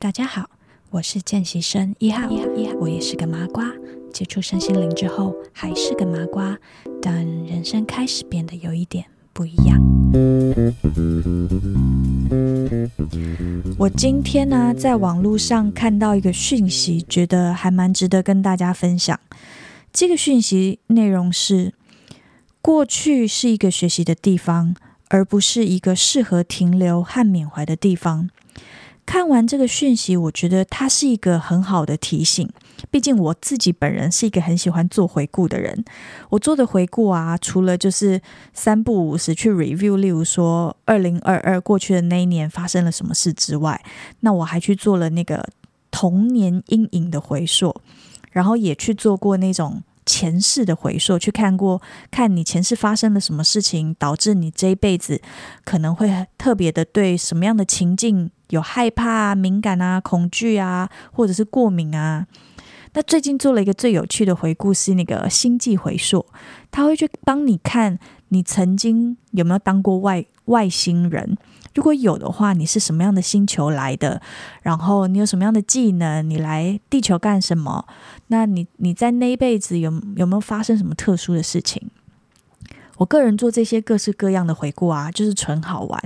大家好，我是見習生一號一號，一號，我也是個麻瓜。接觸身心靈之後，還是個麻瓜，但人生開始變得有一點不一樣。 我今天呢、啊，在網路上看到一個訊息，覺得還蠻值得跟大家分享。這個訊息內容是：過去是一個學習的地方，而不是一個適合停留和緬懷的地方。看完這個訊息，我覺得它是一個很好的提醒。畢竟我自己本人是一個很喜歡做回顧的人。我做的回顧啊，除了就是三不五時去 review，例如說二零二二過去的那一年發生了什麼事之外，那我還去做了那個童年陰影的回溯，然後也去做過那種前世的回溯，去看過看你前世發生了什麼事情，導致你這一輩子可能會特別的對什麼樣的情境，有害怕啊、敏感啊、恐懼啊，或者是過敏啊。那最近做了一個最有趣的回顧，是那個星際回溯，他會去幫你看你曾經有沒有當過外外星人。如果有的話，你是什麼樣的星球來的？然後你有什麼樣的技能？你來地球幹什麼？那你你在那一輩子有有沒有發生什麼特殊的事情？我個人做這些各式各樣的回顧啊，就是純好玩。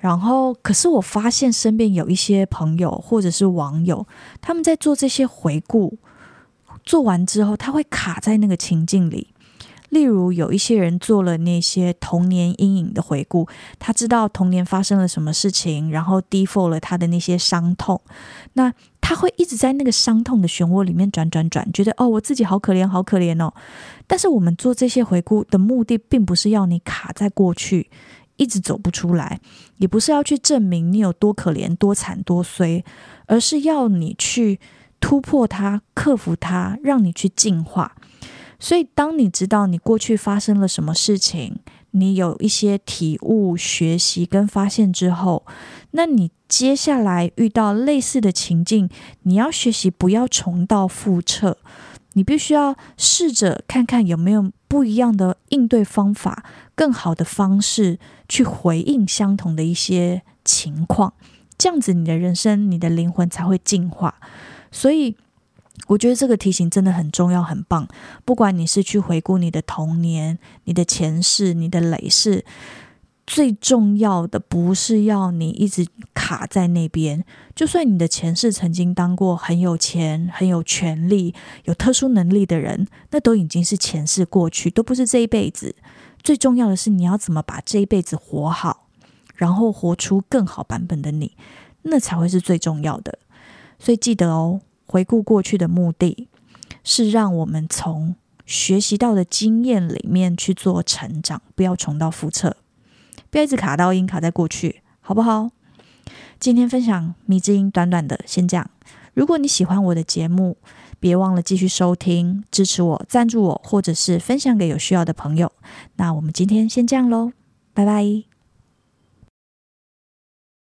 然後，可是我發現身邊有一些朋友或者是網友，他們在做這些回顧，做完之後，他會卡在那個情境裡。例如，有一些人做了那些童年陰影的回顧，他知道童年發生了什麼事情，然後 default 了他的那些傷痛，那他會一直在那個傷痛的漩渦裡面轉轉轉，覺得哦，我自己好可憐，好可憐哦。但是，我們做這些回顧的目的，並不是要你卡在過去。一直走不出來，也不是要去證明你有多可憐、多慘、多衰，而是要你去突破它、克服它，讓你去進化。所以，當你知道你過去發生了什麼事情，你有一些體悟、學習跟發現之後，那你接下來遇到類似的情境，你要學習不要重蹈覆轍，你必須要試着看看有沒有。不一樣的應對方法，更好的方式去回應相同的一些情況，這樣子你的人生、你的靈魂才會進化。所以，我覺得這個提醒真的很重要、很棒。不管你是去回顧你的童年、你的前世、你的累世。最重要的不是要你一直卡在那邊。就算你的前世曾經當過很有錢、很有權力、有特殊能力的人，那都已經是前世過去，都不是這一輩子。最重要的是，你要怎麼把這一輩子活好，然後活出更好版本的你，那才會是最重要的。所以記得哦，回顧過去的目的是讓我們從學習到的經驗裡面去做成長，不要重蹈覆轍。不要一直卡到音卡在過去，好不好？今天分享謎之音，短短的，先這樣。如果你喜歡我的節目，別忘了繼續收聽、支持我、贊助我，或者是分享給有需要的朋友。那我們今天先這樣嘍，拜拜。